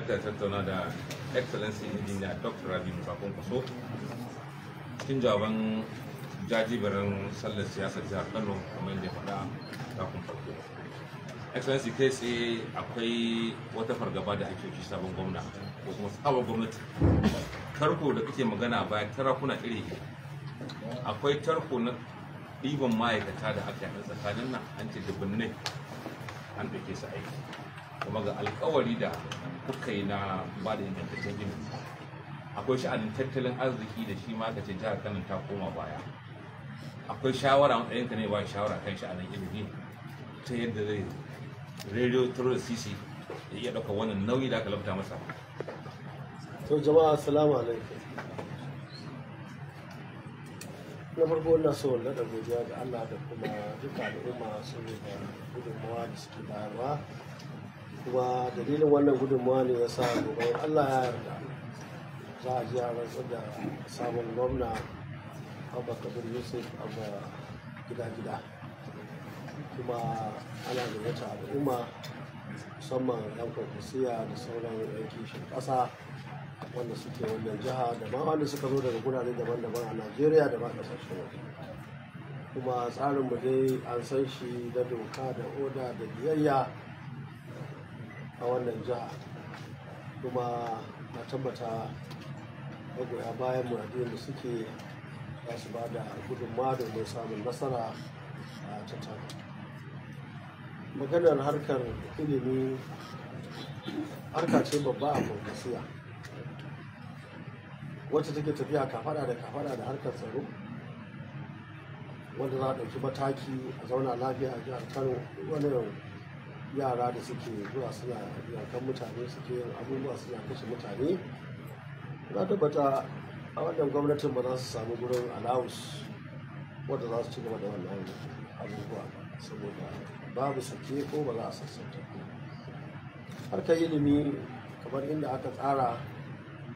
Aka tattauna da Excellency Engineer Dr. Rabi Bakon Kwaso cikin jawaban jajiberin sallar siyasar jihar Kano kamar yadda faɗa takun farko. Excellency kai tsaye akwai wata fargaba da ake ci sabon gwamna ko kuma sabon gwamnati. Tarko da kake magana baya bayan tarakuna iri akwai tarko na ɗiban ma'aikata da aka yi tsakanin nan an ce dubbin ne an ɗauke su aiki. kuma ga alkawari da kuka yi na ba da ingantaccen gini akwai sha'anin tattalin arziki da shi ma kace jihar kano ta koma baya akwai shawara matsayin ka ne ba shawara kan sha'anin ilimi ta yadda zai radio turo sisi ya iya ɗauka wannan nauyi da aka labta masa to jama'a assalamu alaikum na farko na so na da godiya ga allah da kuma duka al'umma sun da gudunmawa da suke bayarwa kuma dalilin wannan gudunmawa ne ya sa gobe allah ya yarda za a ji a rantsar da samun gwamna abba kabir yusuf abba gida-gida kuma ana da wata al'umma musamman yan kwakwasiya da sauran yan kishin ƙasa wanda suke wannan jiha da ma wanda suka zo daga gurare daban-daban a najeriya da ma kasashen waje kuma tsarin mu dai an san shi da doka da oda da biyayya a wannan jiha kuma na tabbata magoya bayan muradiyar da suke za su ba da gudunma domin samun nasara a tattalin maganar harkar ilimi harka ce babba a farkasiya wacce take tafiya kafada da kafada da harkar tsaro wanda za a ɗauki mataki a zauna lafiya a jihar kano wani yara da suke zuwa suna yankan mutane suke yin abubuwa suna kashe mutane na tabbata a wannan gwamnatin ba za su sami gurin alawus wadda za su ci gaba da wannan abubuwa saboda babu sake ko ba za a sassanta harkar ilimi kamar inda aka tsara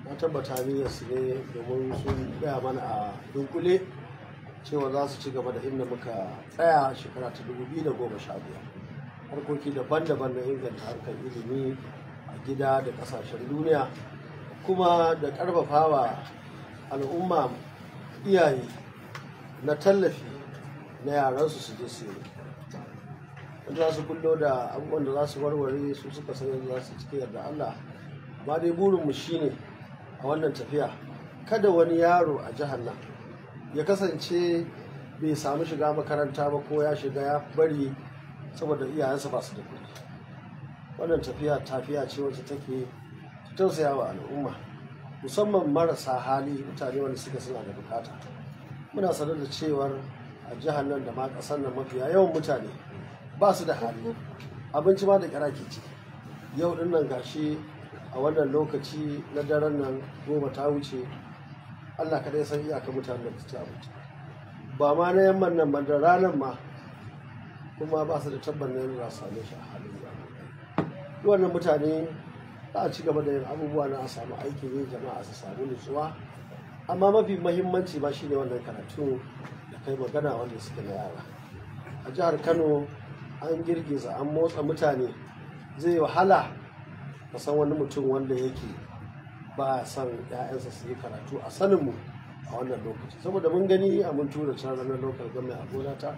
na tabbata niyyar su ne domin sun gaya mana a dunkule cewa za su ci gaba da inda muka tsaya shekara ta 2015 harkoki daban-daban na inganta harkar ilimi a gida da kasashen duniya kuma da wa al'umma iyaye na tallafi na yaran su je siyo za su kullo da abubuwan da za su warware su suka san yadda za su cikin yarda Allah ba dai burinmu shine a wannan tafiya kada wani yaro a jihar nan ya kasance bai samu shiga makaranta ba ko ya shiga ya bari saboda iyayensa ba su da kuɗi wannan tafiya tafiya ce wacce take tausaya wa al'umma musamman marasa hali mutane wanda suka suna da bukata muna sanar da cewar a jihar nan da ma ƙasar nan mafiya yawan mutane ba su da hali abinci ma da kira ke ci yau ɗin nan gashi a wannan lokaci na daren nan goma ta wuce allah kaɗai san iyakar mutane da ta abinci ba ma na yamman nan ba da ranar ma kuma ba su da tabbanin za su same shi a halin yanzu wannan mutane za a ci gaba da yin abubuwa na a samu aikin yin jama'a su samu nutsuwa amma mafi mahimmanci ba shine wannan karatu da kai magana wanda suke na yara a jihar kano an girgiza an motsa mutane zai wahala ka san wani mutum wanda yake ba son 'ya'yansa su yi karatu a saninmu a wannan lokaci saboda mun gani a mun tura can ranar lokal gwamnati a gona ta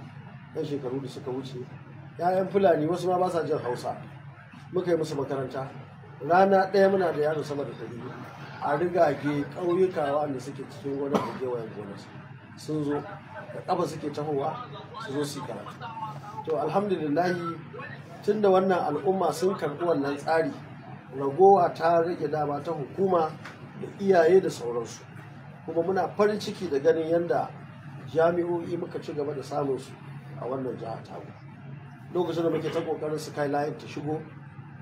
ɗan shekaru da suka wuce ‘ya'yan fulani wasu ma ba sa jin hausa muka yi musu makaranta rana ɗaya muna da yaro sama da ɗari a rigage ƙauyuka wanda suke cikin gonar da gewayen gonar sun zo da ƙafa suke tahowa su zo su karatu to alhamdulillahi tun da wannan al'umma sun karɓi wannan tsari ragowa ta rage dama ta hukuma da iyaye da sauransu kuma muna farin ciki da ganin yadda jami'o'i muka ci gaba da samun su a wannan jiha ta lokacin da muke ta kokarin su ta shigo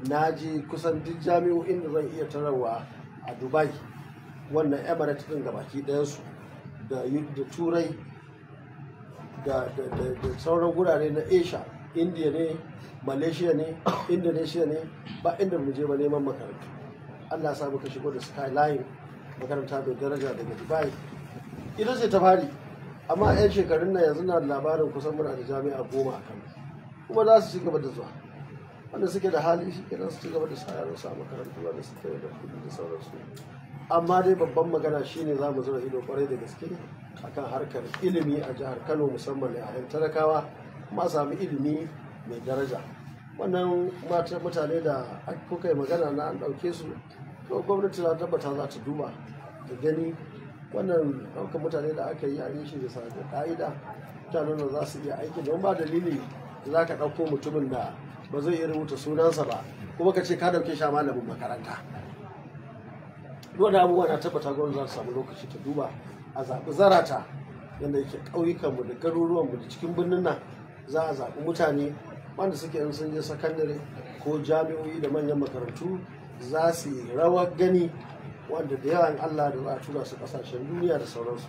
na ji kusan duk jami'o'in da zan iya tararwa a dubai wannan emirates din gabaki ɗayansu da da turai da sauran gurare na asia india ne malaysia ne indonesia ne ba inda mu je ba neman makarantu allah sa muka shigo da skyline makaranta mai daraja daga dubai ita ce ta fari amma 'yan shekarun nan yanzu na labarin kusan muna da jami'a goma a kano kuma za su ci gaba da zuwa wanda suke da hali shi kenan su ci gaba da sayar su a makarantu wanda suke da kudi da sauransu amma dai babban magana shine za mu zura ido kwarai da gaske akan harkar ilimi a jihar kano musamman da yan talakawa kuma sami ilimi mai daraja wannan mutane da kuka yi magana na an ɗauke su to gwamnati na tabbata za ta duba da gani wannan ɗaukar mutane da aka yi a shi da sanadar ƙa'ida ta nuna za su iya aiki don ba dalili da za ka ɗauko mutumin da ba zai iya rubuta sunansa ba kuma ka ce ka ɗauke shi a malamin makaranta dole abubuwa na tabbata gwamnati za su samu lokaci ta duba a zaɓi zarata yadda yake ƙauyukanmu da garuruwanmu da cikin birnin nan za a zaɓi mutane wanda suke yin sun je sakandare ko jami'o'i da manyan makarantu za su yi rawar gani wanda da yawan Allah da za tura su kasashen duniya da sauransu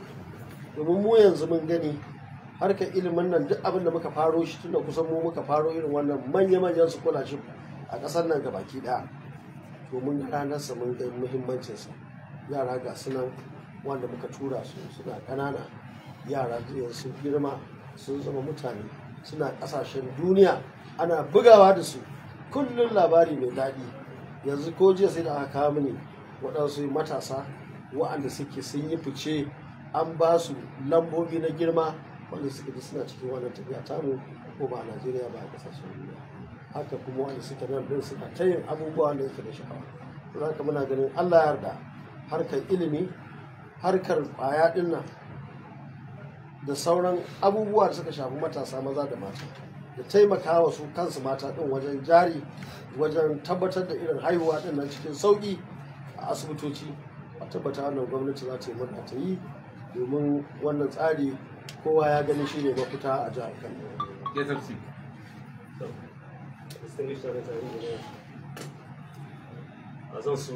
domin mu yanzu mun gani harkar ilimin nan duk abin da muka faro shi tunda kusan mu muka faro irin wannan manya-manyan su kula shi a ƙasar nan ga baki ɗaya to mun ranar sa mun ga muhimmancin sa yara ga nan wanda muka tura su suna ƙanana yara sun girma sun zama mutane suna ƙasashen duniya ana bugawa da su kullum labari mai daɗi yanzu ko jiya sai da aka kawo mini waɗansu matasa wa'anda suke sun yi fice an ba su lambobi na girma wanda suke da suna cikin wannan tafiya tamu ko ba a najeriya ba a ƙasashen duniya haka kuma wanda suke nan ɗin suka ta yin abubuwa da yake da sha'awa za haka muna ganin allah yarda harkar ilimi harkar ƙwaya ɗin nan da sauran abubuwa da suka shafi matasa maza da mata da taimaka wa su kansu mata ɗin wajen jari wajen tabbatar da irin haihuwa ɗin nan cikin sauƙi asibitoci a tabbata wannan gwamnati za ta yi mata ta yi domin wannan tsari kowa ya gani shi ne mafita a jihar kano a zan so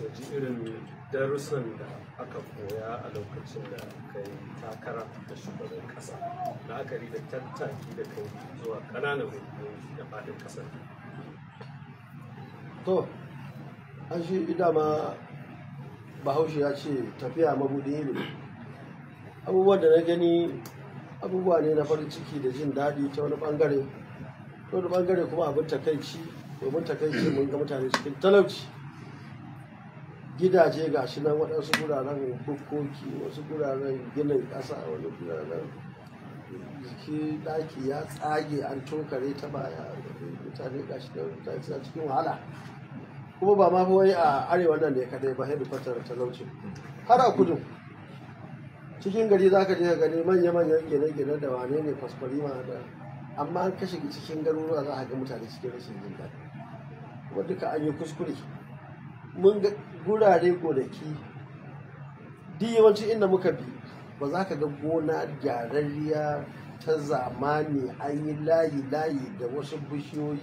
da ji irin darussan da aka koya a lokacin da kai takara da shugaban kasa aka da tattaki da kai zuwa ƙananan hukumomi da faɗin kasar to an shi dama bahaushe ya ce tafiya mabuɗi ne abubuwan da na gani abubuwa ne na farin ciki da jin daɗi ta wani ɓangare ta wani ɓangare kuma abin takaici domin takaici mun ga mutane cikin talauci gidaje ga shi nan waɗansu guraren kokoki wasu guraren ginin ƙasa wani guraren jiki ɗaki ya tsage an tokare ta baya mutane ga shi nan mutane cikin wahala kuma ba ma wai a arewa nan ne kadai ba hedikwatar talauci har a kudu cikin gari za ka je ka gani manya-manyan gine-gine da wane ne ma da amma an kashe cikin garuruwa za a ga mutane cikin rashin jin daɗi kuma duka an yi kuskure mun ga gurare gonaki duk yawancin inda muka bi ba za ka ga gona gyararriya ta zamani an yi layi-layi da wasu bishiyoyi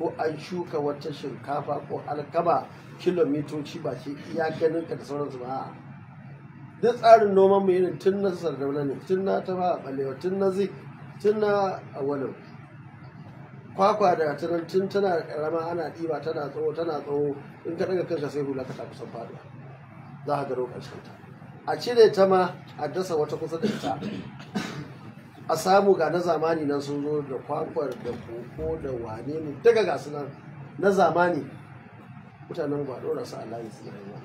ko an shuka wata shinkafa ko alkama kilomitoci ba ce iyakanin ka da sauransu ba duk tsarin noman mu irin tun na sardauna ne tun na fara balewa tun na zik tun na awalau kwakwa da tunan tun tana karama ana ɗiba tana tsawo tana tsawo in ka daga kanka sai hula ka ta kusan faduwa za ka garo ƙarshen ta a cire ta ma a dasa wata kusa da ita a samu ga na zamani nan sun zo da kwakwar da koko da wane ne daga gasu nan na zamani mutanen gwado rasu Allah ya tsira ba.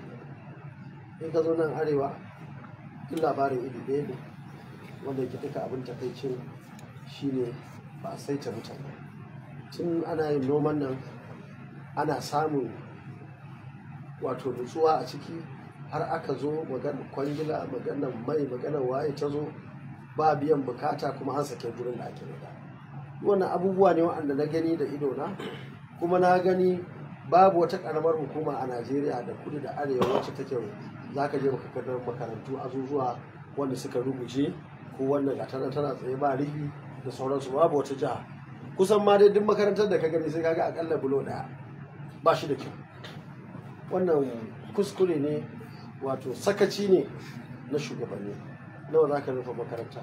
in ka zo nan arewa duk labarin iri ɗaya ne wanda ke duka abin takaicin shine ba a saita mutane tun ana yin noman nan ana samun wato nutsuwa a ciki har aka zo maganar kwangila maganar mai maganar waye ta zo ba biyan bukata kuma an sake gurin da ake nuda wannan abubuwa ne waɗanda na gani da ido na kuma na gani babu wata karamar hukuma a najeriya da kudu da arewa wacce take za ka je makarantar makarantu azuzuwa wanda suka rubuce ko wanda ga tana tana tsaye ba rihi da sauransu babu wata jiha kusan ma dai duk makarantar da ka gani sai kaga akalla bulo daya ba shi da kyau wannan kuskure ne wato sakaci ne na shugabanni nawa za ka rufe makaranta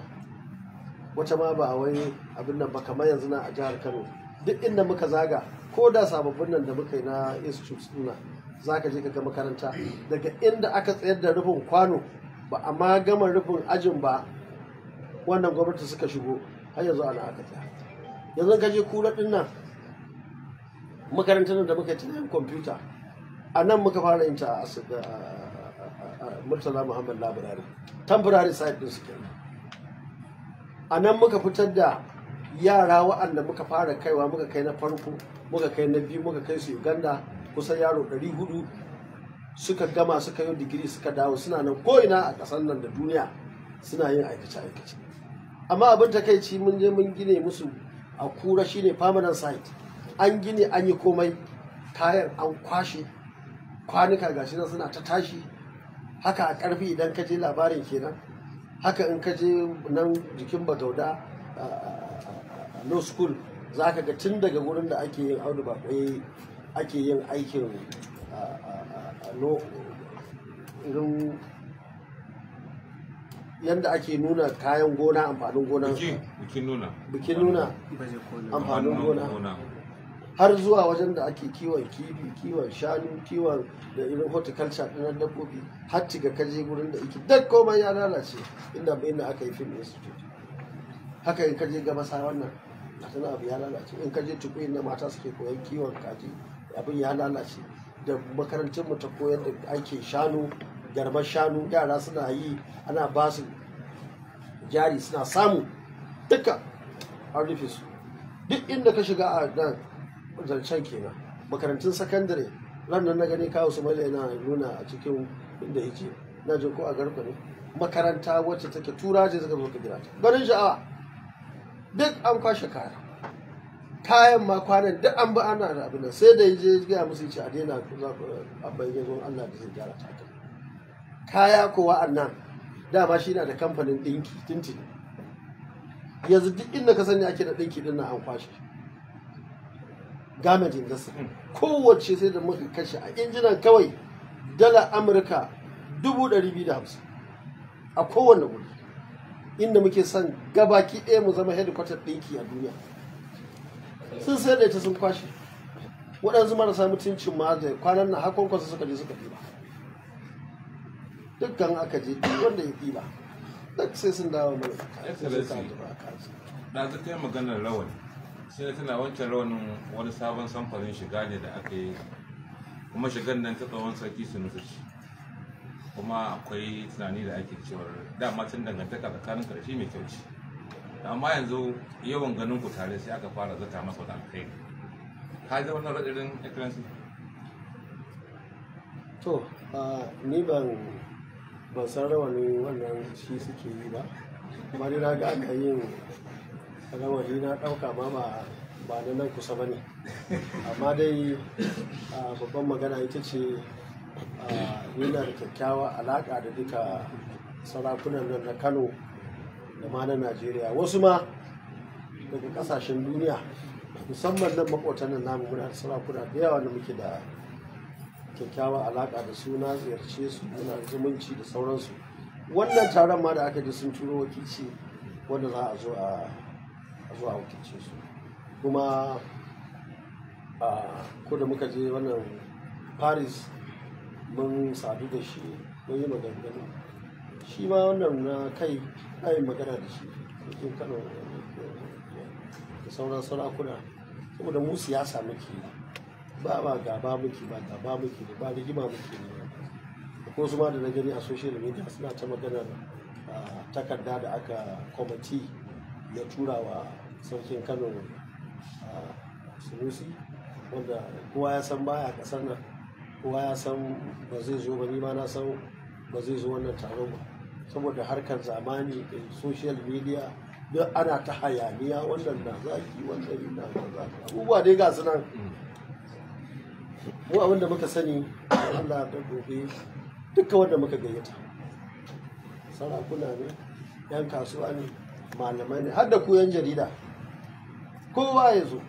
wata ma ba a wai abin nan ba kamar yanzu na a jihar kano duk inda muka zaga ko da sababbin nan da muka yi na institute suna za ka je ka ga makaranta daga inda aka tsayar da rufin kwano ba a ma gama rufin ajin ba wannan gwamnati suka shigo har yanzu ana aka tsaya yanzu ka je kura din nan makarantar da muka yi tunanin kwamfuta a nan muka fara yin ta a murtala muhammad labarari temporary site din suke a nan muka fitar da yara wa'anda muka fara kaiwa muka kai na farko muka kai na biyu muka kai su uganda kusan yaro 400 suka gama suka yi digiri suka dawo suna nan ko'ina a ƙasar nan da duniya suna yin aikace-aikace amma abin takaici mun je mun gine musu a kura shine permanent site an gini an yi komai kayan an kwashe kwanuka gashi nan suna ta tashi haka a karfi idan ka je labarin kenan haka in ka je nan jikin badauda a low school za ka ga tun daga wurin da ake yin audu ba eh, ake yin aikin irin yadda ake nuna kayan gona amfanin gona bikin nuna amfanin gona har zuwa wajen da ake kiwon kifi kiwon shanu kiwon da irin horticulture ɗin dabbobi har ciga kaje gurin da ake duk komai ya lalace inda na aka yi film institute haka in kaje sa wannan a tana abu ya lalace in kaje tukuri na mata suke koyan kiwon kaji abin ya lalace da makarantar mu ta koyar da ake shanu garbar shanu yara suna yi ana ba su jari suna samu duka an rufe su duk inda ka shiga a nan zancen kenan makarantun sakandare ranar na gani kawo su male na nuna a cikin inda yake na je ko a garko ne makaranta wacce take tura ce zaka zuwa ka gida gwanin sha'awa duk an kwashe kaya kayan ma kwanan duk an ba ana da abin sai da je gaya musu ce a daina za ku abin ya zo Allah da zai gyara ta kaya ko wa'annan dama shi na da kamfanin dinki tintin yanzu duk inda ka sani ake da dinki din na an kwashe gamet industry kowace sai da muka kashe a injinan kawai dala amurka 250 a kowane wuri inda muke son gabaki ɗaya mu zama headquarter ɗinki a duniya sun sayar da ita sun kwashe waɗansu marasa mutuncin ma da kwanan na hakon kwasa suka je suka ɗiba dukkan aka je duk wanda ya ɗiba duk sai sun dawo mana da ta yi maganar rawani sai na tana wancan rawanin wani sabon samfarin shiga ne da aka yi kuma shigar nan ta tsawon sarki su nufi kuma akwai tunani da ake cewar dama tun dangantaka tsakanin karshe mai kyau ce amma yanzu yawan ganin ku tare sai aka fara zata masa da alkhairi ka ji wannan raɗaɗin ekiransu to ni ban ban san rawanin wannan shi suke yi ba kuma dai na ga aka yin alamari na ɗauka ma ba ba na nan kusa ba ne amma dai babban magana ita ce yana da kyakkyawa alaƙa da duka sarakunan nan na kano da ma na najeriya wasu ma daga ƙasashen duniya musamman nan makwatan nan namu muna da sarakuna da yawa da muke da kyakkyawa alaƙa da suna ziyarce su muna zumunci da sauransu wannan taron ma da aka ji sun turo wakilci wanda za a zo a a zuwa su kuma ko da muka je wannan paris mun sadu da shi mun yi maganganu shi ma wannan na kai ayin magana da shi cikin kano da sauran sarakuna saboda mu siyasa muke ba ba gaba muke ba gaba muke ba rigima muke ne ko su ma da na gani a social media suna ta magana takarda da aka kwamiti ya turawa sarkin kano sunusi wanda kowa ya san baya kasar nan kowa ya san ba zai zo ba nima na san ba zai zo wannan taron ba saboda harkar zamani da eh, social media duk ana ta hayaniya wannan na zaki wannan na zaki abubuwa dai ga su nan mu abinda muka sani Allah da gobe duka wanda muka gayyata sarakuna ne yan kasuwa ne malamai ne har da ku yan jarida kowa ya zo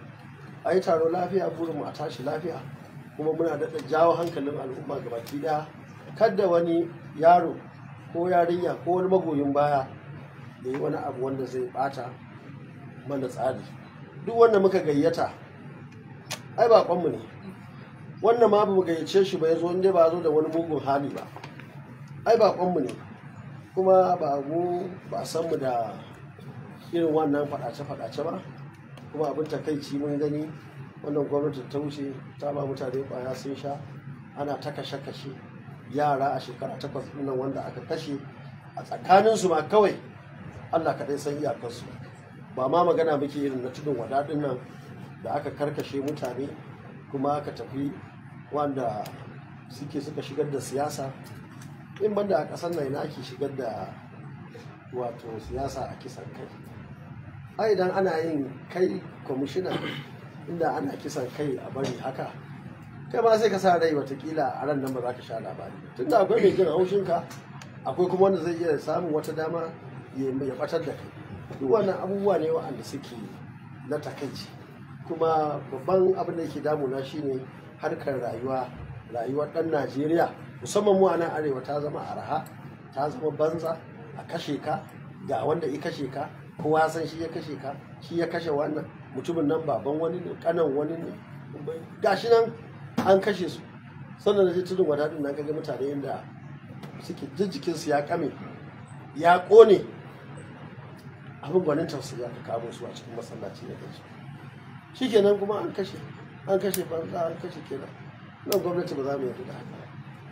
a yi taro lafiya burinmu a tashi lafiya kuma muna daɗa jawo hankalin al'umma baki ɗaya kada wani yaro ko yarinya ko wani magoyin baya da yi wani abu wanda zai bata mana tsari duk wanda muka gayyata ai baƙonmu ne wannan ma ba gayyace shi ba ya zo inda ba zo da wani mugun hali ba ai baƙonmu ne kuma ba mu ba san mu da irin wannan faɗace-faɗace ba kuma abin takaici mun gani wannan gwamnatin ta wuce ta ba mutane kwaya sun sha ana ta kashe-kashe yara a shekara takwas nan wanda aka kashe a tsakaninsu ma kawai allah kaɗai san su ba ma magana muke irin na tudun wadaɗin nan da aka karkashe mutane kuma aka tafi wanda suke suka shigar da siyasa in banda a ƙasar nan ake shigar da wato siyasa a kisan kai a idan ana yin kai kwamishina inda ana kisan kai a bari haka kai ma sai ka sa rai watakila a ran nan ba za ka sha labari tunda akwai mai jin ka akwai kuma wanda zai iya samun wata dama ya batar da kai duk wannan abubuwa ne wa'anda suke na takaici kuma babban abin da yake damuna shine harkar rayuwa rayuwar ɗan najeriya musamman mu a nan arewa ta zama araha ta zama banza a kashe ka ga wanda i kashe ka kowa san shi ya kashe ka shi ya kashe wannan mutumin nan baban wani ne kanan wani ne gashi nan an kashe su sannan da tudun wadadin nan kaga mutane inda suke jijjikin su ya kame ya kone abin gwanin tausayi ya kamo su a cikin masallaci da kansu shi kenan kuma an kashe an kashe banza an kashe kenan nan gwamnati ba za mu yarda da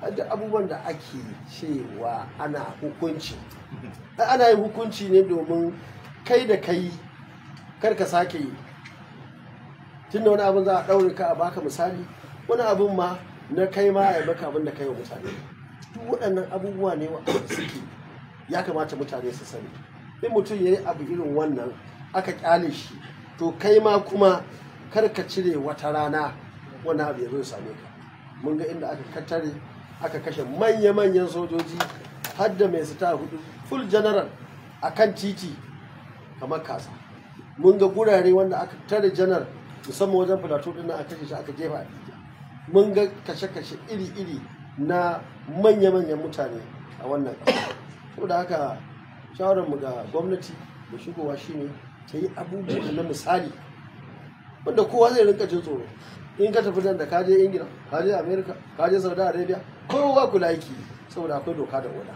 haka da abubuwan da ake cewa ana hukunci ana yin hukunci ne domin kai da kai karka sake yi tun da wani abin za a ɗaure ka a baka misali wani abin ma na kai ma a baka abin da kai wa mutane duk waɗannan abubuwa ne waɗanda suke ya kamata mutane su sani in mutum ya yi abu irin wannan aka ƙyale shi to kai ma kuma kar ka cire wata rana wani abu ya zo same ka mun ga inda aka kattare aka kashe manya-manyan sojoji har da mai sita hudu full general a kan titi kamar kasa mun ga gurare wanda aka tare janar musamman wajen filato din nan aka kashe shi aka jefa a mun ga kashe-kashe iri-iri na manya-manyan mutane a wannan kasa da haka shawararmu ga gwamnati da shigowa shine ta yi abubuwa na misali wanda kowa zai rinka jin tsoro in ka tafi nan da ka je ingila ka je america ka je saudi arabia kowa kula yake saboda akwai doka da oda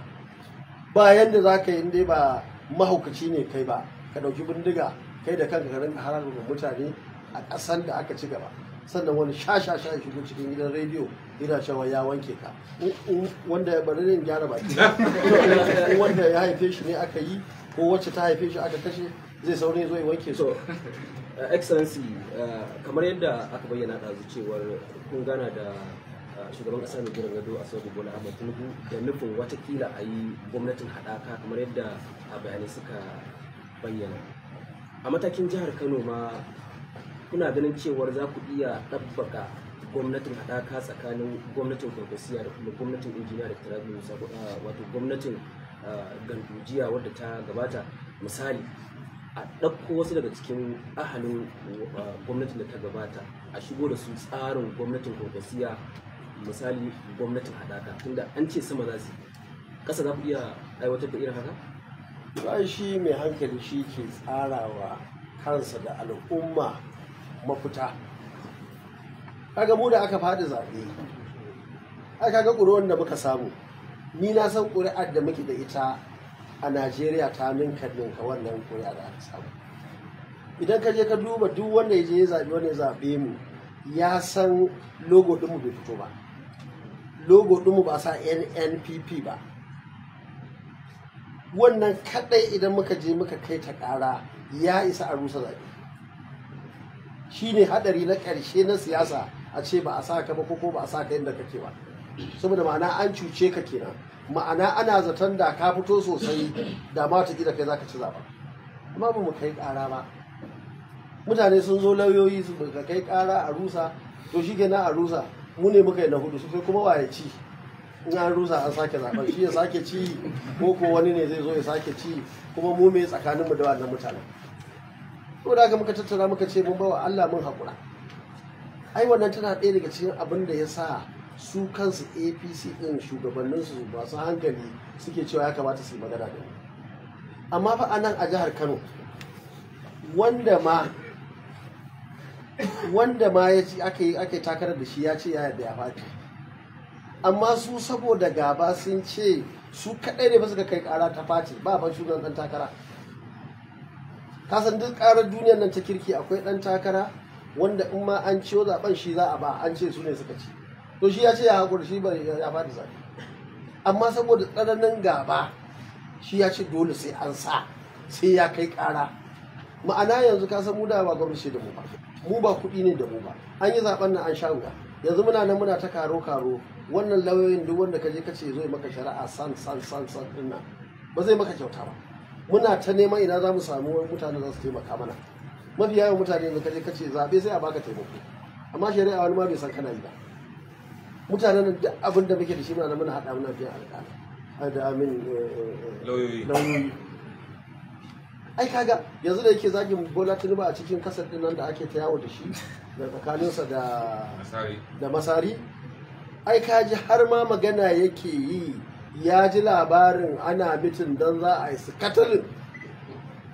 ba yanda za ka yi dai ba mahaukaci ne kai ba ka ɗauki bindiga kai da kanka ka rinka mutane a ƙasan da aka ci gaba sannan wani shashasha ya shigo cikin gidan rediyo yana cewa ya wanke ka wanda ya bari ne gyara baki wanda ya haife shi ne aka yi ko wacce ta haife shi aka kashe zai saurin zo ya wanke su uh, excellency uh, kamar yadda aka bayyana ɗazu cewar kun gana da uh, shugaban ƙasa mai jiran gado a saudi bola amma tinubu da nufin watakila a yi gwamnatin haɗaka kamar yadda a bayanai suka bayyana a matakin jihar kano ma kuna ganin cewar za ku iya ɗabbaka gwamnatin haɗaka tsakanin gwamnatin kwankwasiya da kuma gwamnatin injiniya da tarabi wato gwamnatin gandujiya wadda ta gabata misali a ɗauko wasu daga cikin ahalin gwamnatin da ta gabata a shigo da su tsarin gwamnatin kwankwasiya misali gwamnatin haɗaka tunda an ce sama za su ƙasa za ku iya aiwatar da irin haka ba shi mai hankali shi ke tsarawa kansa da al'umma mafuta kaga mu da aka faɗi zaɓe ai kaga ƙuri'un da muka samu ni na san ƙuri'ar da muke da ita a najeriya ta ninka ninka wannan ƙuri'a da aka samu idan ka je ka duba duk wanda ya je ya zaɓe wanda zaɓe mu ya san logo ɗinmu bai fito ba logo ɗinmu ba sa nnpp ba wannan kadai idan muka je muka kai ta kara ya isa a rusa zaɓe shi ne haɗari na ƙarshe na siyasa a ce ba a sa ka ba ko ba a sa ka yadda kake ba saboda ma'ana an cuce ka kenan ma'ana ana zaton da ka fito sosai da ma ta gida kai zaka ci zaɓa. amma ba mu kai ƙara ba mutane sun zo lauyoyi su kai kara a rusa to shi kenan a rusa mu ne muka yi na hudu sosai kuma waye ci in an rusa an sake zaben shi ya sake ci ko ko wani ne zai zo ya sake ci kuma mu me tsakaninmu da wannan mutanen ko da ga muka tattara muka ce mun bawa Allah mun hakura ai wannan tana ɗaya daga cikin abin da ya sa su kansu APC din shugabanninsu masu hankali suke cewa ya kamata su yi magana da mu. amma fa anan a jihar Kano wanda ma wanda ma ya ci aka takarar da shi ya ce ya yarda ya faɗi amma su saboda gaba sun ce su kaɗai ne ba su kai kara ta face ba ban shugaban ɗan takara kasan duk karar duniyar nan ta kirki akwai ɗan takara wanda in ma an ciyo zaben shi za a ba an ce su ne suka ci to shi ya ce ya haƙura shi ba ya fadi zaɓe amma saboda tsananin gaba shi ya ce dole sai an sa sai ya kai kara ma'ana yanzu ka san mu da ba gwamnati da mu ba mu ba kuɗi ne da mu ba an yi zaben nan an sha wuya yanzu muna nan muna ta karo karo wannan lauyoyin duk wanda ka je ka ce zai maka shari'a san san san san din ba zai maka kyauta ba muna ta neman ina za mu samu wani mutane za su taimaka mana mafi yawan mutane da ka je ka ce zaɓe sai a baka taimako amma shari'a wani ma bai san kana yi ba mutanen nan duk abin da muke da shi muna nan muna haɗa muna biyan alƙali da amin eh, eh, eh, lauyoyi ai kaga yanzu da yake zagin bola tinubu a cikin kasar din nan da ake ta yawo da shi da tsakaninsa da masari ai kaji har ma magana yake yi ya ji labarin ana mitin don za a yi sakatalin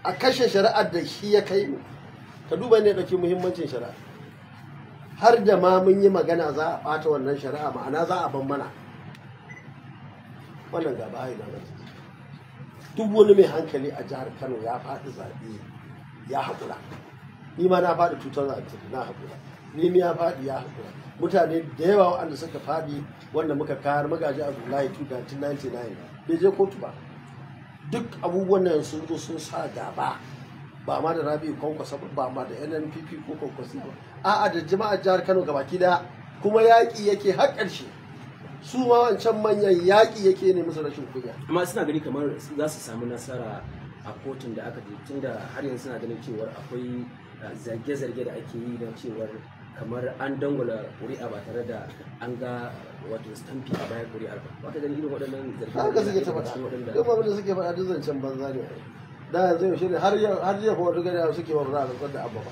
a kashe shari'ar da shi ya kai mu ka duba ne ɗauki muhimmancin shari'a har da ma mun yi magana za a ɓata wannan shari'a ma'ana za a ban mana wannan gaba duk wani mai hankali a jihar kano ya faɗi zaɓe ya haƙura ni ma na faɗi zaɓe na haƙura ni ya faɗi ya haƙura mutane da yawa wanda suka faɗi wanda muka kayar magaji abdullahi 1999 bai je kotu ba duk abubuwan nan sun zo sun sa gaba ba ma da rabi kwankwasa ba ma da nnpp ko kwankwasi ba a'a da jama'a jihar kano gabaki daya kuma yaƙi yake har ƙarshe su ma wancan manyan yaƙi yake ne musu rashin kunya amma suna gani kamar za su samu nasara a kotun da aka je da har yanzu suna ganin cewar akwai eh, zarge-zarge da ake yi don cewar kamar an dangula ƙuri'a ba tare da an ga wato stampi a bayan ƙuri'ar ba wata gani irin waɗannan zarge haka suke ta faɗa duk abin da suke faɗa duk zancen banza ne da yanzu yaushe ne har yau har yau wata gani suke ba za a rantsar da abba ba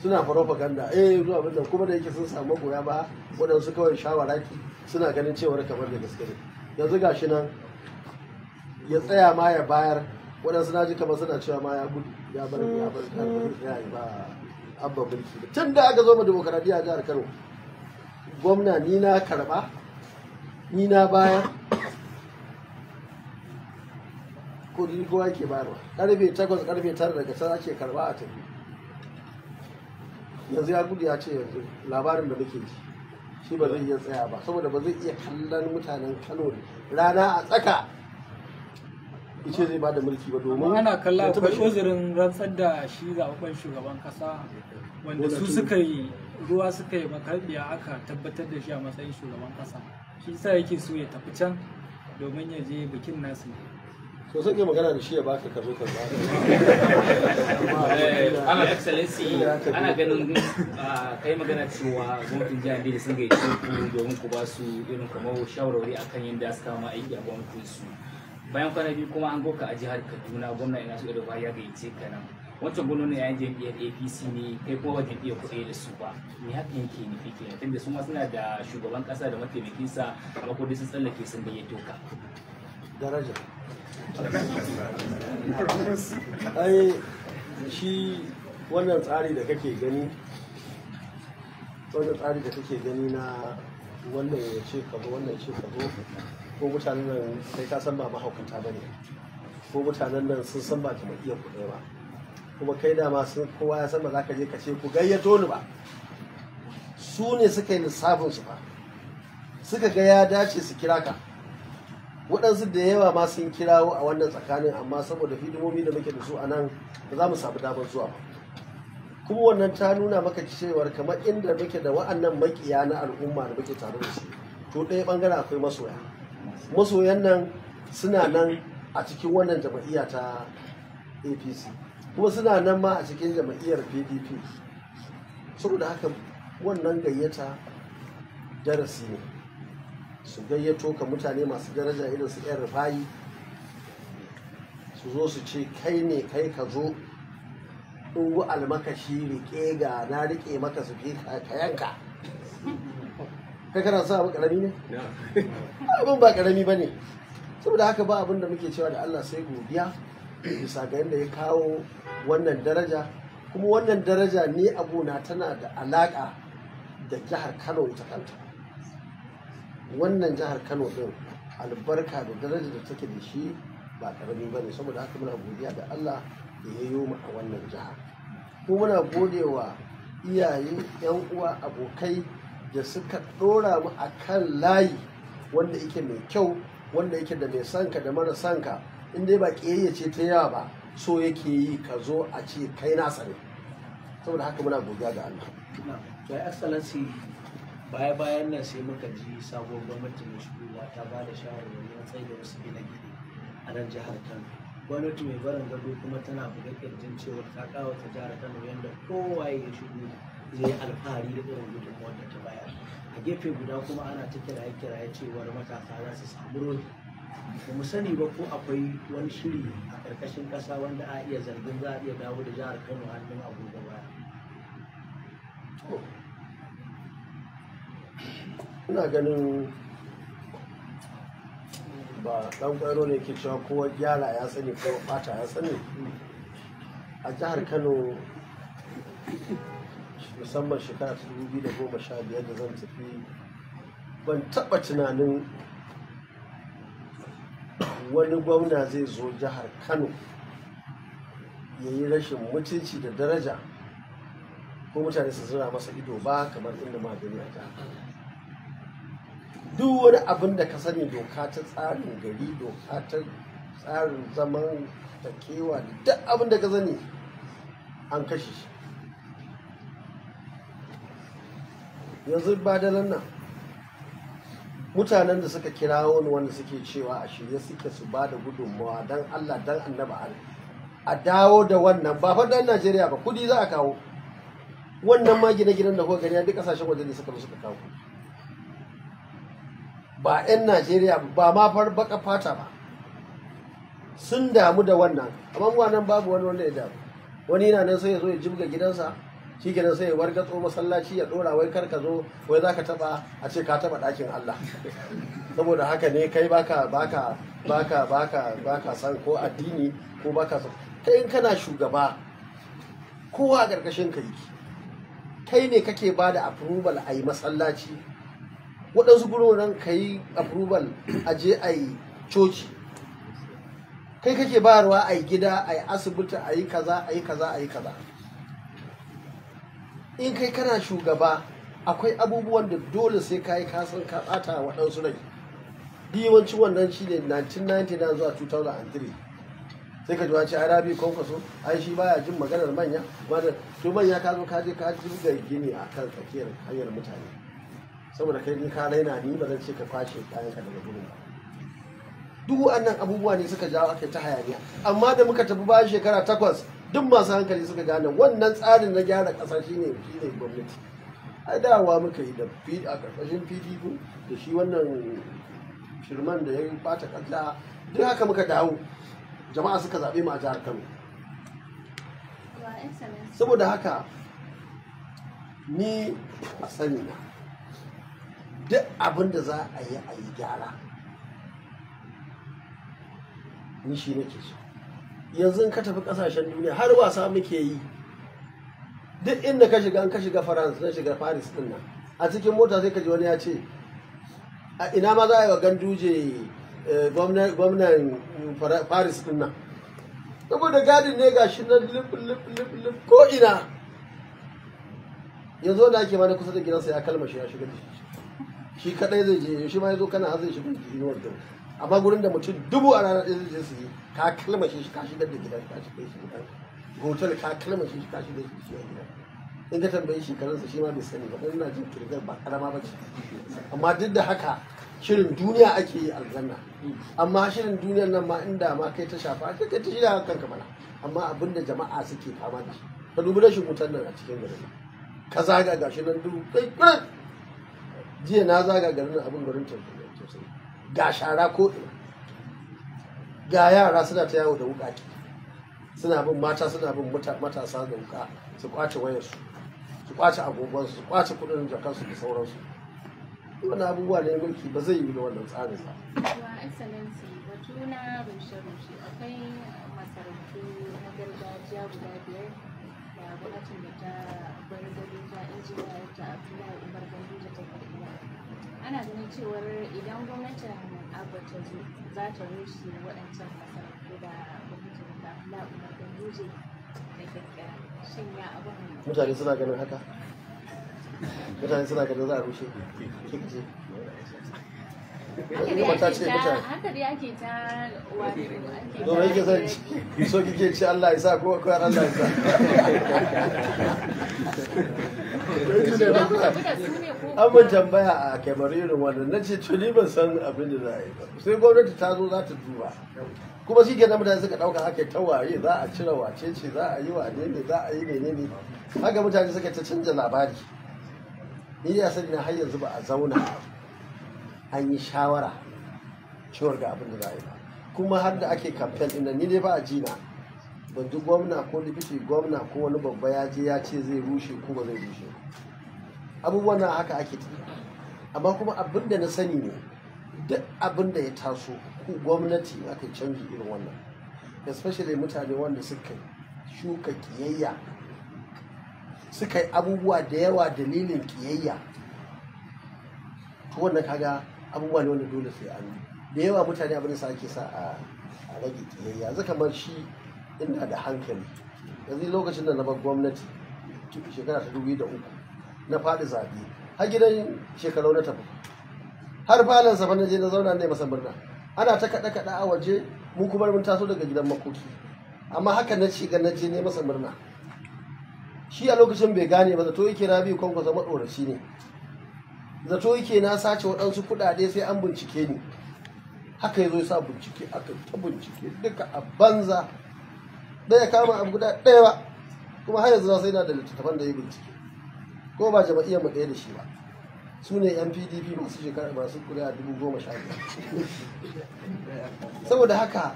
suna farofaganda eh zuwa abin kuma da yake sun samu goya ba waɗansu kawai shawara ki suna ganin cewar kamar da gaske ne yanzu shi nan ya tsaya ma ya bayar waɗansu na ji kamar suna cewa ma ya gudu ya bar ya bar ya yi ba abba mulki tun da aka zo mu demokaradiyya a jihar Kano gwamna ni na karba ni na baya ko ni kowa ke bayarwa karfe takwas karfe tara daga can ake karba a tafi yanzu ya gudu ya ce yanzu labarin da muke ji shi ba zai iya tsaya ba saboda ba zai iya kallon mutanen kano rana a tsaka ice zai ba da mulki ba domin ana kalla ba shozirin rantsar da shi zaɓaɓɓen shugaban kasa wanda su suka yi ruwa suka yi makarbiya aka tabbatar da shi a matsayin shugaban kasa shi sa yake so ya tafi can domin ya je bikin nasu so sai magana da shi ya baka ka zo ka ana eh, excellency ana ganin ah, kai magana cewa gwamnatin jihar Bidi sun gaice ku domin ku ba su irin kamar shawarwari akan yadda su kama aiki a gwamnatin su bayan kwana biyu kuma an goka a jihar Kaduna gwamna ina so da ba ya gaice ka nan wancan gwamnati yayin jam'iyyar APC ne kai kuma ba iya kuɗi da su ba me haka yake nufi kenan tunda su ma suna da shugaban kasa da mataimakinsa amma ko dai sun tsallake sun gayyato ka daraja ai shi wannan tsari da kake gani wannan tsari da kake gani na wannan ya ce ka wannan ya ce ka ko mutanen nan sai ka san ba mahaukata ba ne ko mutanen nan sun san ba kamar iya kuɗe ba kuma kai da ma sun kowa ya san ba za ka je ka ce ku gayyato ni ba su ne suka yi lissafin su ba suka ga ya dace su kira ka waɗansu da yawa ma sun kirawo a wannan tsakanin amma saboda hidimomi da muke da su a nan ba za mu samu damar zuwa ba kuma wannan ta nuna maka cewar kamar inda muke da wa'annan makiya na al'umma da muke tare da su to ɗaya ɓangare akwai masoya masoyan nan suna nan a cikin wannan jama'iyya ta apc kuma suna nan ma a cikin jama'iyyar pdp saboda haka wannan gayyata darasi ne su gayyato ka mutane masu daraja irin su 'yan rufayi su zo su ce kai ne kai ka zo ɗungu almakashi riƙe ga na rike maka su fi ka yanka kai kana sa abu ƙarami ne? abin ba ƙarami ba ne saboda haka ba abin da muke cewa da Allah sai godiya bisa ga yadda ya kawo wannan daraja kuma wannan daraja ne abuna tana da alaƙa da jihar Kano ita kanta wannan jihar kano din albarka da daraja da take da shi ba karami ba ne saboda haka muna godiya da allah da ya yi mu a wannan jihar ko muna godewa iyaye yan uwa abokai da suka ɗora mu a kan layi wanda yake mai kyau wanda yake da mai sanka da mara sanka in dai ba ƙiyayya ce ta yawa ba so yake yi ka zo a ce kai nasa ne saboda haka muna godiya ga Allah. baya bayan nan sai muka ji sabuwar gwamnati mai shugaba ta ba da shawarwari na tsaye da wasu gine-gine a nan jihar kano gwamnati mai barin gado kuma tana buga kirjin cewa ta kawata jihar kano yadda kowa ya shigo zai alfahari da irin gudunmuwar da ta bayar a gefe guda kuma ana ta kiraye-kiraye cewar matasa za su samu rohi ba mu sani ba ko akwai wani shiri a ƙarƙashin ƙasa wanda a iya zargin za a iya dawo da jihar kano hannun abu baya. ina ganin ba dan kwaro ne ke cewa kowa gyara ya sani ko bata ya sani a jihar kano musamman shekara ta dubu da goma sha biyar da zan tafi ban taɓa tunanin wani gwamna zai zo jihar kano ya yi rashin mutunci da daraja ko mutane su zira masa ido ba kamar inda magani a jihar duk wani abin da ka sani doka ta tsarin gari doka ta tsarin zaman da kewa da duk abin da ka sani an kashe shi yanzu da nan mutanen da suka kira wani wanda suke cewa a shirye suke su ba da gudunmawa don allah don annaba a dawo da wannan ba fadar najeriya ba kudi za a kawo wannan ma gine-ginen da kuka gani a duk ƙasashen waje ne suka suka kawo ba 'yan najeriya ba ma far baka fata ba sun damu da wannan amma mu nan babu wani wanda ya damu wani yana nan sai ya zo ya jibga gidansa shi kenan sai ya warga tso masallaci ya dora wai kar ka zo wai za ka taba a ce ka taba ɗakin Allah saboda haka ne kai baka baka baka baka baka san ko addini ko baka san kai in kana shugaba kowa a ƙarƙashin ka yi kai ne kake bada approval a yi masallaci waɗansu gurorin ka yi approval a je a yi coci kai kake bayarwa a yi gida a yi asibiti a yi kaza a yi kaza a yi kaza in kai kana shugaba akwai abubuwan da dole sai ka yi kasan ka ɓata waɗansu rai yawanci wannan shi ne 1999 zuwa 2003 sai ka jiwa ce ai rabi kwankwaso ai shi baya jin maganar manya to manya ka zo ka je ka jirga gini a kan tsakiyar hanyar mutane saboda kai ni ka raina ni ba zan ce ka kwashe kayan ka daga gurin ba duk wannan abubuwa ne suka jawo aka ta hayaniya amma da muka tafi bayan shekara takwas duk masu hankali suka gane wannan tsarin na gyara ƙasa shi ne gwamnati a dawa muka yi da a ƙarƙashin pdp da shi wannan shirman da ya bata kalla duk haka muka dawo jama'a suka zaɓe mu a jihar kano saboda haka ni a sani na duk abin da za a yi a yi gyara ni shi nake so yanzu ka tafi kasashen duniya har wasa muke yi duk inda ka shiga ka shiga Faransa, na shiga paris din nan a cikin mota sai ka ji wani ya ce a ina ma za a yi wa ganduje eh, gwamnan paris din nan saboda gadin ne ga shi nan lip ko ina yanzu wanda ake mana kusa da gidansa ya kalmashi ya shiga shi shi kadai zai je shi ma zo kana zai shiga inuwar da amma gurin da mutum dubu a ranar ɗaya zai je su yi ka kalma shi ka shigar da gidan ka shigar shi gidan hotel ka kalma shi ka shigar shi gidan in ka tambayi karansa shi ma bai sani ba kuma ina jin kirgar ba karama ba ce amma duk da haka shirin duniya ake yi aljanna amma shirin duniyar nan ma inda ma kai ta shafa a kai ta shirya kanka mana amma abin da jama'a suke fama da shi ka dubi rashin wutar nan a cikin garin ka zaga gashi nan duk kai jiya na zaga garin abin garin tausayi ga shara ko ina ga yara suna ta yawo da wukaki suna bin mata suna bin matasa da wuka su kwace wayarsu su kwace agogonsu su kwace kudin jakansu da sauransu wani abubuwa ne mulki ba zai yi da wannan tsarin ba. batu rushe-rushe akwai masarautu na gargajiya guda biyar da da Ana ganin cewar idan gwamnatin Abba rushe waɗancan masarautu da gwamnatin da Umar Ganduje da Shin ya mutane suna ganin haka? Mutane suna ganin za a rushe. Kike yanzu mata san so kike ci Allah ya sa ko ko Allah ya sa an mun tambaya a kemarin wannan na ce tuni ban san abin da za a yi ba sai gwamnati ta zo za ta duba kuma shi kenan mutane suka ɗauka ake ta waye za a cire wace ce za a yi wane ne za a yi mene ne haka mutane suka ta canza labari ni ya sani na har yanzu ba a zauna an yi shawara cewar ga abin da za a yi ba kuma har da ake kamfen ina, ni dai ba a jina ban ji gwamna ko lifiti gwamna ko wani babba ya je ya ce zai rushe ko ba zai rushe abubuwan na haka ake tafiya amma kuma abin da na sani ne duk abin da ya taso ku gwamnati aka canji irin wannan especially mutane wanda suka shuka kiyayya suka yi abubuwa da yawa dalilin kiyayya to wannan kaga abubuwa ne wanda dole sai an da yawa mutane abin sa ake sa a rage kiyayya zaka bar shi ina da hankali yanzu lokacin da na bar gwamnati shekara ta dubu da uku na faɗi zaɓe har gidan shekarau na tafi har falon sa na je na zauna ne masa birna ana ta kaɗa kaɗa a waje mu kuma mun taso daga gidan makoki amma haka na ci ga na je ne masa murna shi a lokacin bai gane ba zato yake rabi kwankwasa maɗoraci ne zato yake na sace waɗansu kuɗaɗe sai an bincike ni haka ya zo sa bincike aka ta bincike duka a banza ɗaya kama abu guda ɗaya ba kuma har yanzu na sai na da littattafan da ya bincike ko ba jama'iyyar mu ɗaya da shi ba su ne yan pdp masu shekara masu kuri'a dubu goma sha biyar saboda haka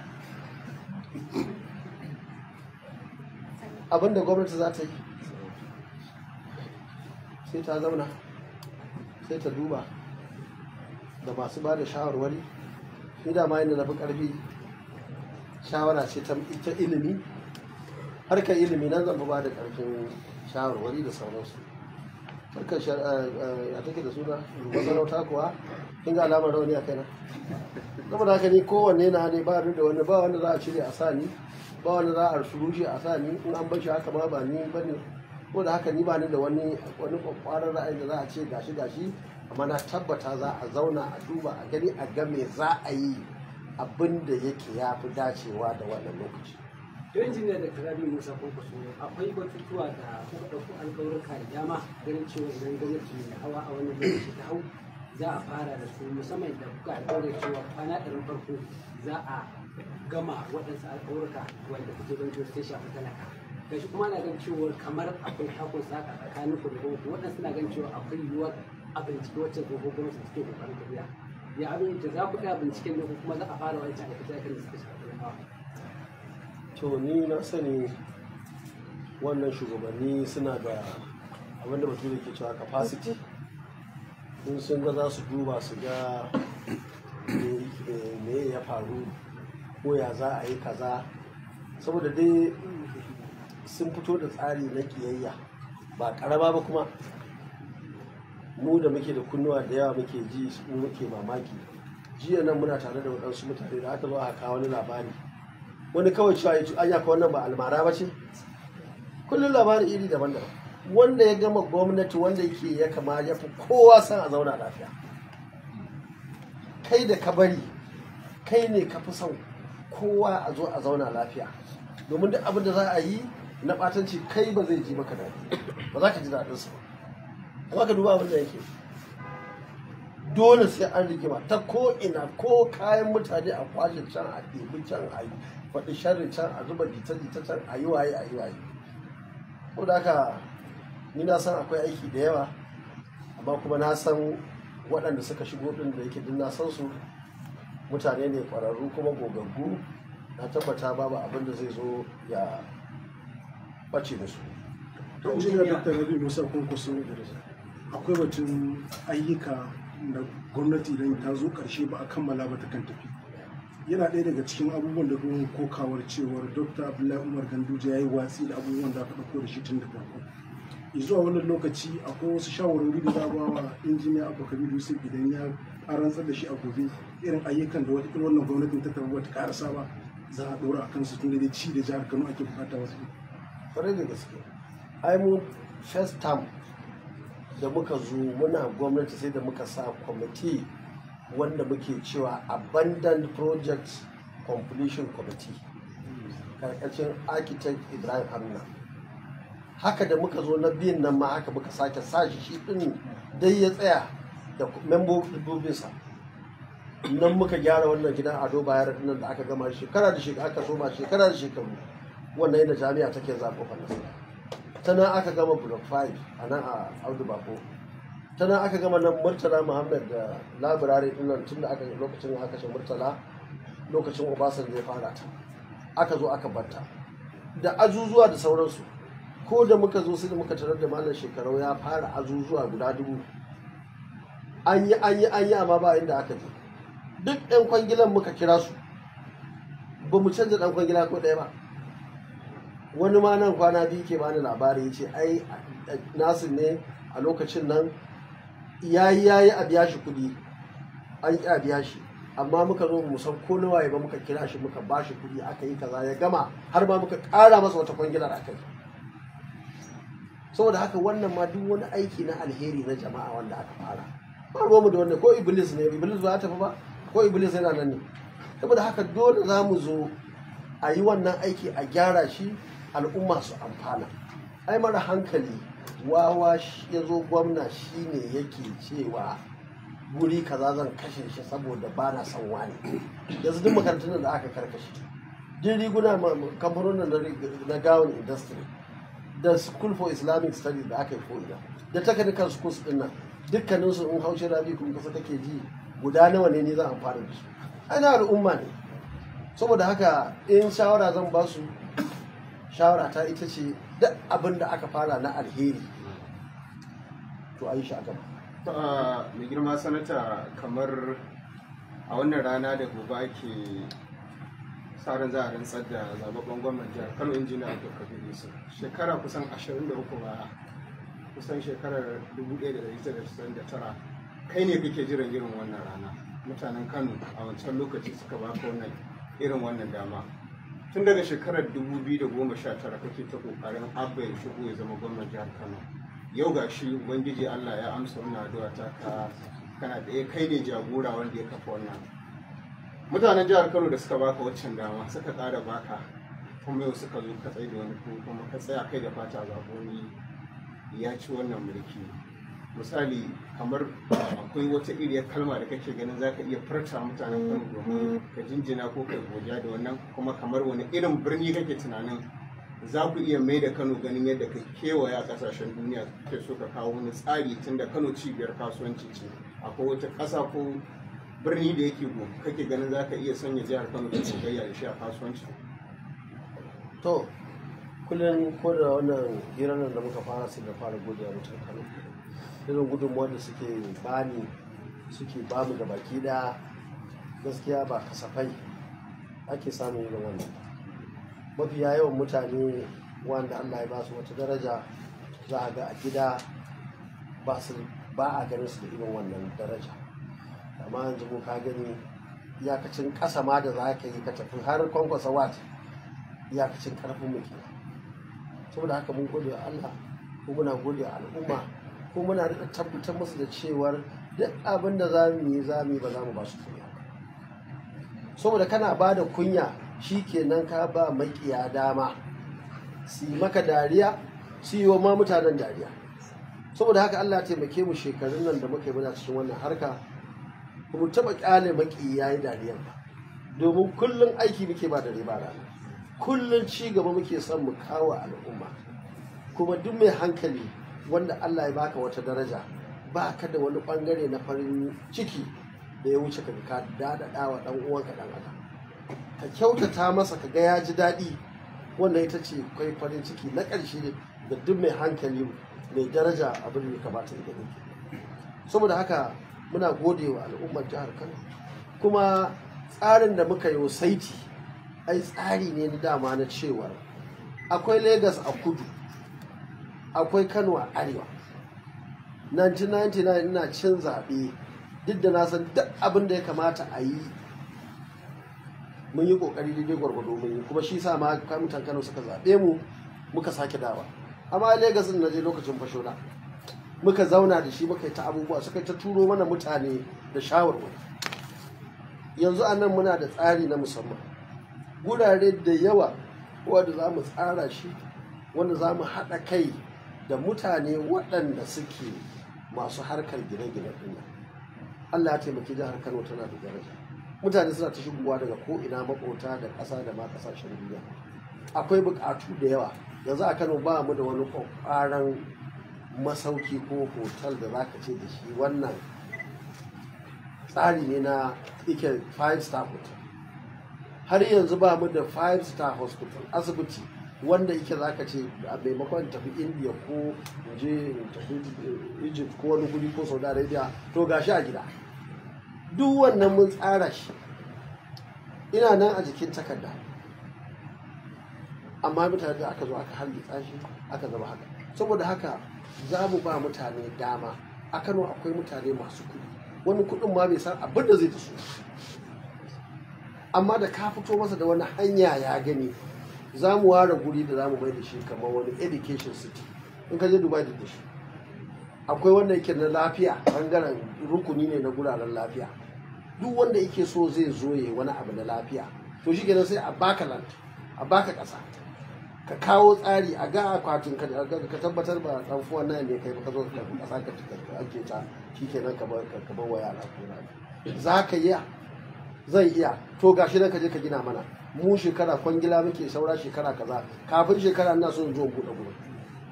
abinda gwamnati za ta yi sai ta zauna sai ta duba da masu ba da shawarwari ni da ma yadda na fi ƙarfi shawara ce ta ilimi ilimi harkar ilimi nan zan fi ba da ƙarfin shawarwari da sauransu harkar a eh, eh, take da suna masarauta kuwa kin ga alamar rauni a kai kaina saboda haka ni kowanne na ne ba da wani ba wanda za a cire a sani ba wanda za a rushe a sani in an bashi haka ma ba ni ba ne ko da haka ni ba ni da wani wani kwakwaran ra'ayi da za a ce gashi gashi amma na tabbata za a zauna a duba a gani a ga me za a yi abin da yake ya fi dacewa da wannan lokaci don jin da karabi musa kwankwaso akwai batutuwa da kuka ɗauko alƙawarka kare dama ganin cewa idan gwamnati mai hawa a wannan lokaci ta hau za a fara da su musamman da kuka alƙawarin cewa kwana ɗarin farko za a gama waɗansu alƙawarka wanda kuke don ta shafi talaka shi kuma na gan cewa kamar akwai takun saka tsakanin ku da gwamnati waɗansu na gan cewa akwai yiwuwar a bincike wacce gobe gwamnati suke kokarin tafiya ya abin da za ku ɗaya binciken ne ko kuma za a fara wancan da kusa kan da suka shafi to ni na sani wannan shugabanni suna da abin da mutum ke cewa capacity in sun ga za su duba su ga me ya faru ko ya za a yi kaza saboda dai sun fito da tsari na kiyayya ba ƙaraba ba kuma mu da muke da kunnuwa da yawa muke ji mu muke mamaki jiya nan muna tare da waɗansu mutane da aka zo a kawo wani labari wani kawai cewa ya ci anya ka wannan ba almara ba ce kullum labarin iri daban-daban wanda ya gama gwamnati wanda yake ya kama ya fi kowa san a zauna lafiya kai da ka bari kai ne ka fi son kowa a zo a zauna lafiya domin duk abin da za a yi na ɓatanci kai ba zai ji maka daɗi ba za ka ji daɗin su ba za ka duba abin da yake dole sai an rigima ta ko ina ko kayan mutane a kwashe can a ɗebi can a yi faɗi sharri can a zuba jita jita can a yi waye a yi waye ko da haka ni na san akwai aiki da yawa amma kuma na san waɗanda suka shigo ɗin da yake duk na san su mutane ne ƙwararru kuma gogaggu na tabbata babu abin da zai zo ya ɓace da su don jiya da ta rabi musa kwankwaso da akwai batun ayyuka da gwamnati idan ta zo karshe ba a kammala ba ta kan tafi yana ɗaya daga cikin abubuwan da kuma kokawar cewar dr abdullahi umar ganduje ya yi watsi da abubuwan da aka ɗauko da shi tun da farko zuwa wannan lokaci akwai wasu shawarwari da za wa injiniya abu kabiru yusuf idan ya arantsar da shi a gobe irin ayyukan da wata wannan gwamnatin ta karɓi ta ƙarasa ba za a ɗora a kansu tun da ci da jihar kano ake bukata wasu ƙwarai da gaske ai mu first term da muka zo muna gwamnati sai da muka sa kwamiti wanda muke cewa abandoned project completion committee karkashin architect ibrahim haruna haka da muka zo na biyan nan ma haka muka sake sa shi shi din dai ya tsaya da sa nan muka gyara wannan gidan ado bayar nan da aka gama shekara da shekara aka soma shekara da shekaru wannan yadda jami'a take zaɓo falasina ta nan aka gama block 5 a nan a audu bako ta nan aka gama nan murtala muhammad da labirari dinnan tun da aka lokacin aka ce murtala lokacin obasan zai fara ta aka zo aka banta. da azuzuwa da sauransu ko da muka zo sai muka tarar da malam shekarau ya fara azuzuwa guda dubu an yi an yi an yi amma ba inda aka je duk 'yan kwangilan muka kira su ba mu canza ɗan kwangila ko ɗaya ba wani ma nan kwana biyu ke bani labari ce ai nasu ne a lokacin nan ya yi ya yi a biya shi kuɗi an yi a biya shi amma muka zo mu san ko nawa ba muka kira shi muka ba shi kuɗi aka yi kaza ya gama har ma muka ƙara masa wata kwangilar yi saboda haka wannan ma duk wani aiki na alheri na jama'a wanda aka fara ba ruwanmu da wannan ko iblis ne iblis ba tafi ba ko iblis yana nan ne saboda haka dole za mu zo a yi wannan aiki a gyara shi al'umma su amfana ai mara hankali wawa ya zo gwamna shine yake cewa guri kaza zan kashe shi saboda ba na son wani yanzu duk makarantun da aka karkashe duk riguna kamfanonin na gawon industry da school for islamic studies da aka yi ko'ina da takardar schools din nan dukkaninsu in haushe rabi kuma kasa take ji guda nawa ne ne zan amfana da su Ai na al'umma ne saboda haka in shawara zan ba su shawara ta ita ce duk abin da aka fara na alheri to a yi shi a gaba mai girma sanata kamar a wannan rana da gobe ake tsarin za a rantsar da zababben gwamnan jihar kano injiniya da kafin nisa shekara kusan 23 ba kusan shekarar 1999 kai ne kake jiran irin wannan rana mutanen kano a wancan lokaci suka baka wannan irin wannan dama tun daga shekarar 2019 kake ta kokarin abba ya shigo ya zama gwamnan jihar kano yau ga shi ubangiji allah ya amsa wannan addu'a ta ka kana da kai ne jagora wanda ya kafa wannan mutanen jihar kano da suka baka waccan dama suka tsara baka kuma yau suka zo ka tsaye da wani kuma ka tsaya kai da fata zaɓoni ya ci wannan mulki misali kamar akwai wata iriyar kalma da kake ganin za ka iya furta mutanen kano domin ka jinjina ko ka godiya da wannan kuma kamar wani irin birni kake tunanin za ku iya mai da kano ganin yadda ka kewaya a kasashen duniya ke so ka kawo wani tsari tun da kano cibiyar kasuwanci ce akwai wata ƙasa ko birni da yake go kake ganin za ka iya sanya jihar kano da gayya da shi a kasuwanci to kullum ko da wannan hirar da muka fara sai da fara a mutum kano irin gudunmuwar da suke bani suke bamu da baki da gaskiya ba kasafai ake samun irin wannan mafiya yawan mutane wanda allah ya basu su wata daraja za a ga a gida ba a ganin su da irin wannan daraja amma yanzu mun ka gani iyakacin kasa ma da za ka yi ka tafi har kwankwasa wat iyakacin ƙarfin mu ke saboda haka mun gode wa allah ko muna gode wa al'umma ko muna rika tabbatar musu da cewar duk abin da za mu yi za mu yi ba za mu ba su kunya saboda kana ba da kunya shi kenan ka ba maƙiya dama su yi maka dariya su yi wa ma mutanen dariya saboda haka Allah ya taimake mu shekarun nan da muka yi muna cikin wannan harka kuma mu taɓa ƙyale maƙiya yi dariyan ba domin kullum aiki muke ba da riba rana kullum ci gaba muke son mu kawo al'umma kuma duk mai hankali wanda Allah ya baka wata daraja ba ka da wani bangare na farin ciki da ya wuce ka ka daɗaɗa wa ɗan uwanka ɗan adam ka kyautata masa ka ga ya ji daɗi wanda ita ce kai farin ciki na ƙarshe da duk mai hankali mai daraja abin da ta da gani saboda haka muna gode wa al'ummar jihar kano kuma tsarin da muka yi saiti ai tsari ne na dama na cewa akwai Legas a kudu akwai kano a arewa 1999 ina cin zaɓe duk da na san duk abin da ya kamata a yi mun yi ƙoƙari daidai gwargwado mun yi kuma shi sa ma kamitan kano suka zaɓe mu muka sake dawa amma legas na je lokacin na muka zauna da shi muka yi ta abubuwa suka yi ta turo mana mutane da shawarwari yanzu a nan muna da tsari na musamman gurare da yawa wanda za mu tsara shi wanda za mu haɗa kai da mutane waɗanda suke masu harkar gine-gine ɗin Allah ya taimaki jihar Kano tana da daraja mutane suna ta shigowa daga ko'ina makota da ƙasa da ma ƙasashen duniya akwai buƙatu da yawa yanzu a Kano ba mu da wani ƙwaƙwaran masauki ko hotel da zaka ce da shi wannan tsari ne na ike five star hotel har yanzu ba mu da five star hospital asibiti wanda yake za ka ce a maimakon tafi indiya ko je tafi eh, egypt ko wani guri ko saudi arabia to gashi a gida duk wannan mun tsara shi ina nan a jikin takarda amma mutane da aka zo aka hargitsa shi aka zama haka saboda haka za mu ba mutane dama a kano akwai mutane masu kuɗi wani kuɗin ma bai san abin da zai ta amma da ka fito masa da wani hanya ya gani za mu ware guri da za mu bai da shi kamar wani education city in ka je dubai da shi akwai wanda yake na lafiya bangaren rukuni ne na guraren lafiya duk wanda yake so zai zo ya wani abu na lafiya to shi kenan sai a baka land a baka ƙasa ka kawo tsari a ga akwatin ka ka tabbatar ba fuwan nan ne kai ka zo ka kasa, ka ake ta shi kenan ka kamar wa yara za ka yi zai iya to gashi shi ka je ka gina mana mu shekara kwangila muke saura shekara kaza kafin shekara ina so in zo buɗe gurin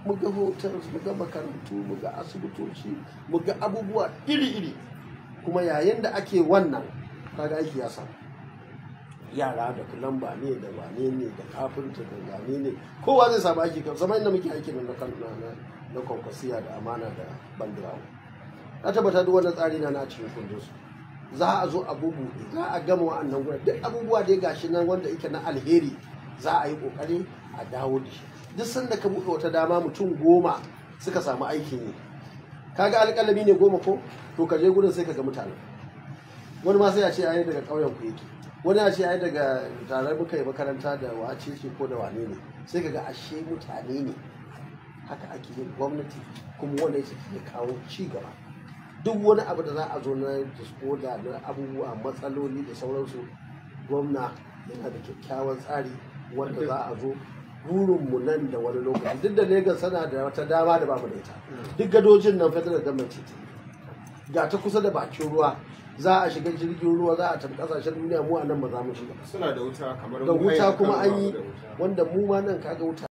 mu ga hotel mu ga makarantu mu ga asibitoci mu ga abubuwa iri-iri kuma yayin da ake wannan kaga aiki ya samu yara da lamba ne da wane ne da kafinta da wane ne kowa zai samu aiki kan zama inda muke aiki na kan na da amana da bandirawa na tabbata duk wannan tsari na na cikin su. za a zo a bugu za a gama wa'annan gurin duk abubuwa ya gashi nan wanda yake na alheri za a yi kokari a dawo da shi duk sanda ka buɗe wata dama mutum goma suka samu aikin yi kaga alƙalami ne goma ko to ka je gurin sai ka ga mutane wani ma sai a ce ayi daga ƙauyen ku yake wani a ce ayi daga tarar muka yi makaranta da wace ce ko da wane ne sai ka ga ashe mutane ne haka ake yin gwamnati kuma wanda yake kawo ci gaba duk wani abu da za a zo na disorder na abubuwa matsaloli da sauransu gwamna yana da kyakkyawan tsari wanda za a zo burinmu nan da wani lokaci duk da Legas sana da wata dama da babu da ita duk gadojin nan da government ce ga ta kusa da bakin ruwa za a shiga jirgin ruwa za a tafi kasashen duniya mu a nan ba za mu shiga suna da wuta kuma an yi wanda mu ma nan kaga wuta